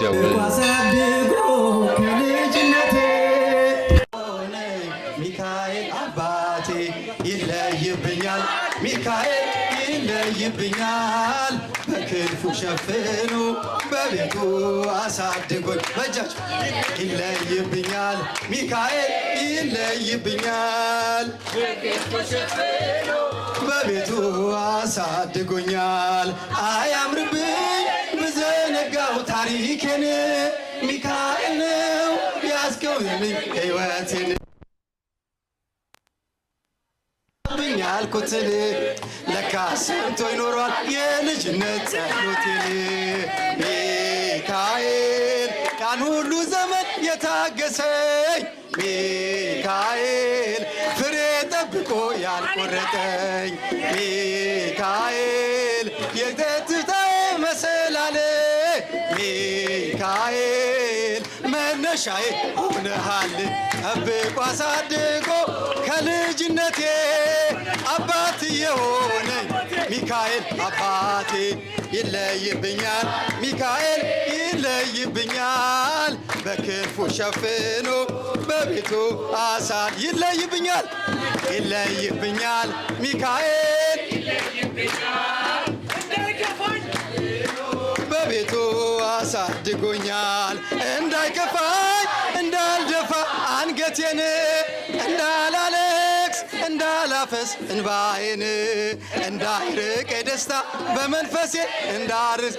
ደውል ሚካኤል አባቴ ይለይብኛል፣ ሚካኤል ይለይብኛል። በክንፉ ሸፍኖ በቤቱ አሳድጎኝ በእጃቸው ይለይብኛል፣ ሚካኤል ይለይብኛል። በቤቱ አሳድጎኛል አያምርብኝ ዘጋው ታሪኬን ሚካኤል ነው ያስገው ህይወቴን ብኝ አልኩትን ለካ ሰምቶ ይኖሯል የልጅነት ጸሎቴን ሚካኤል ያን ሁሉ ዘመን የታገሰኝ ሚካኤል ፍሬ ጠብቆ ያልቆረጠኝ ሚካኤል መነሻዬ ሁነሃል ጠብቆ አሳድጎ ከልጅነቴ አባት የሆነኝ ሚካኤል አባቴ ይለይብኛል ሚካኤል ይለይብኛል በክንፉ ሸፍኖ በቤቱ አሳድ ይለይብኛል ይለይብኛል ሚካኤል አሳድጎኛል እንዳይከፋኝ እንዳልደፋ አንገቴን እንዳላለቅስ እንዳላፈስ እንባዬን እንዳይርቅ ደስታ በመንፈሴ እንዳርቅ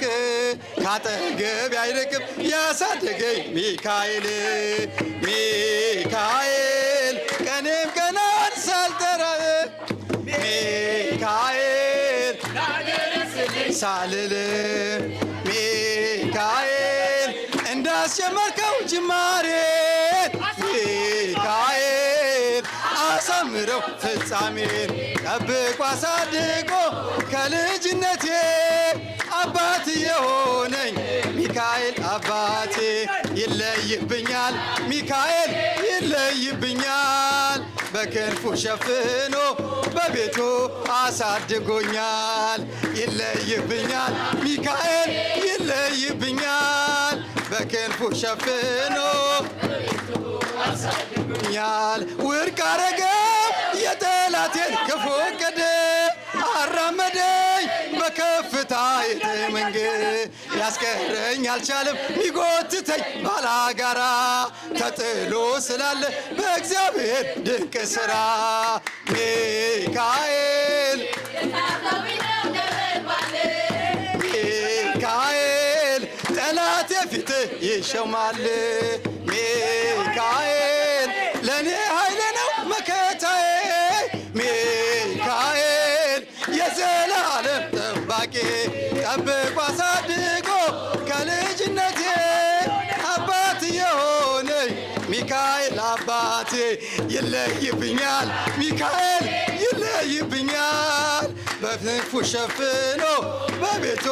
ካጠገብ አይርቅም ያሳደገኝ ሚካኤል ሚካኤል ቀኔም ቀናን ሳልጠራ ሚካኤል ሳልል የጀመርከው ጅማሬን ሚካኤል አሳምረው ፍጻሜን ጠብቆ አሳድጎ ከልጅነቴ አባት የሆነኝ ሚካኤል አባቴ ይለይብኛል፣ ሚካኤል ይለይብኛል። በክንፉ ሸፍኖ በቤቱ አሳድጎኛል። ይለይብኛል፣ ሚካኤል ይለይብኛል። በክንፉ ሸፍኖ አሳድጎኛል። ውድቅ አረገ የጠላቴን ክፉ ዕቅድ አራመደኝ በከፍታ የጥምንግ ያስቀረኝ አልቻለም ሚጎትተኝ ባላጋራ ተጥሎ ስላለ በእግዚአብሔር ድንቅ ሥራ ሚካኤል ይሸማል ሚካኤል ለእኔ ኃይሌ ነው መከታዬ ሚካኤል የዘላለም ጠባቂ ጠብቆ አሳድጎ ከልጅነቴ አባት የሆነ ሚካኤል አባቴ ይለይብኛል ሚካኤል ይለይብኛል በክንፉ ሸፍኖ በቤቱ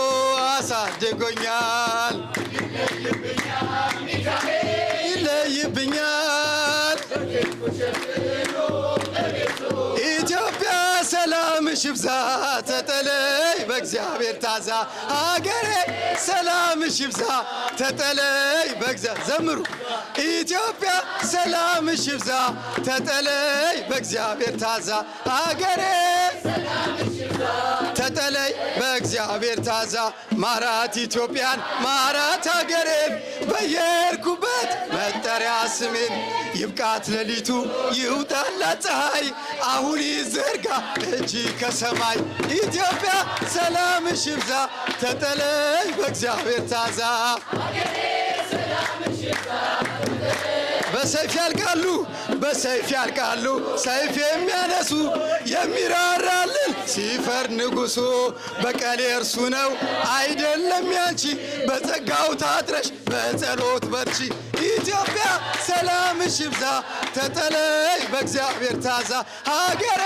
አሳድጎኛል ይለይብኛል። ኢትዮጵያ ሰላም ይብዛ፣ ተጠለይ በእግዚአብሔር ታዛ። ሀገሬ ሰላምሽ ይብዛ፣ ተጠለይ በእግዚአብሔር ዘምሩ። ኢትዮጵያ ሰላምሽ ይብዛ፣ ተጠለይ በእግዚአብሔር ታዛ። ሀገሬ ተጠለይ በእግዚአብሔር ታዛ። ማራት ኢትዮጵያን ማራት ይብቃት ሌሊቱ ይውጣላ ፀሐይ አሁን ይዘርጋ እጅ ከሰማይ ኢትዮጵያ ሰላም ሽብዛ ተጠለይ በእግዚአብሔር ታዛ በሰይፍ ያልቃሉ በሰይፍ ያልቃሉ ሰይፍ የሚያነሱ የሚራራልን ሲፈር ንጉሱ በቀሌ እርሱ ነው አይደለም ያንቺ በጸጋው ታጥረሽ በጸሎት በርቺ ኢትዮጵያ ሰላምሽ ይብዛ፣ ተጠለይ በእግዚአብሔር ታዛ ሀገሬ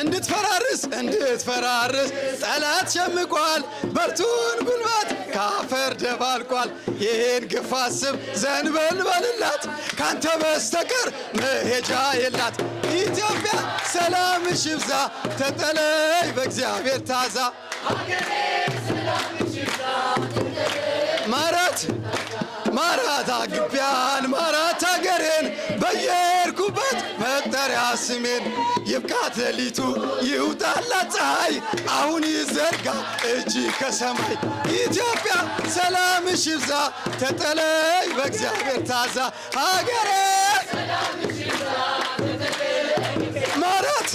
እንድትፈራርስ እንድትፈራርስ ጠላት ሸምቋል፣ በርቱን ጉልበት ከአፈር ደባልቋል። ይህን ግፍ ስም ዘንበል በልላት፣ ካንተ በስተቀር መሄጃ የላት። ኢትዮጵያ ሰላምሽ ይብዛ፣ ተጠለይ በእግዚአብሔር ታዛ ኢትዮጵያን አልማራት ሀገሬን በየርኩበት መጠሪያ ስሜን ይብቃት ሌሊቱ ይውጣላት ፀሐይ አሁን ይዘርጋ እጅ ከሰማይ ኢትዮጵያ ሰላም ሽብዛ ተጠለይ በእግዚአብሔር ታዛ ሀገሬ ማራት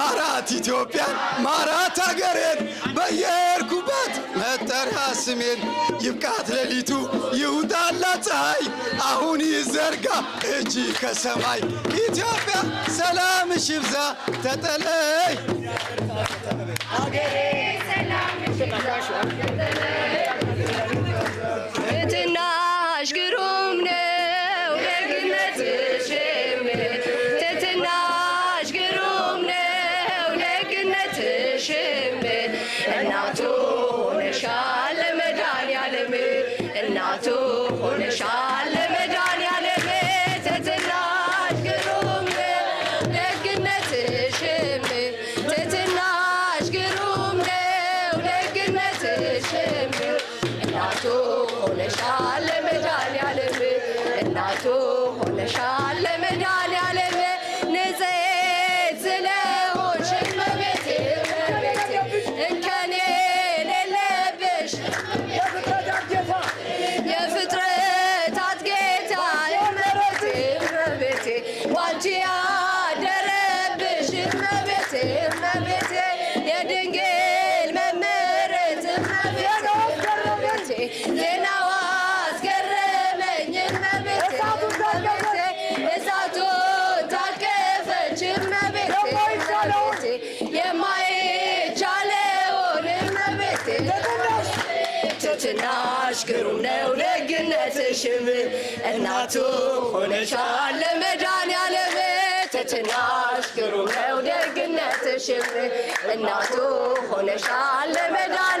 ማራት ኢትዮጵያ ማራት ሀገሬን በየርኩበት መጠሪያ ስሜን ይብቃት ሌሊቱ ይውጣ ፀሐይ አሁን ይዘርጋ እጅ ከሰማይ ኢትዮጵያ ሰላም ሽብዛ ተጠለይ getir እናትናሽ ግሩም ነው ደግነትሽም እናቱ ሆነሻል ለመድኃኒዓለም ትናሽ ግሩም ነው ደግነትሽም እናቱ ሆነሻል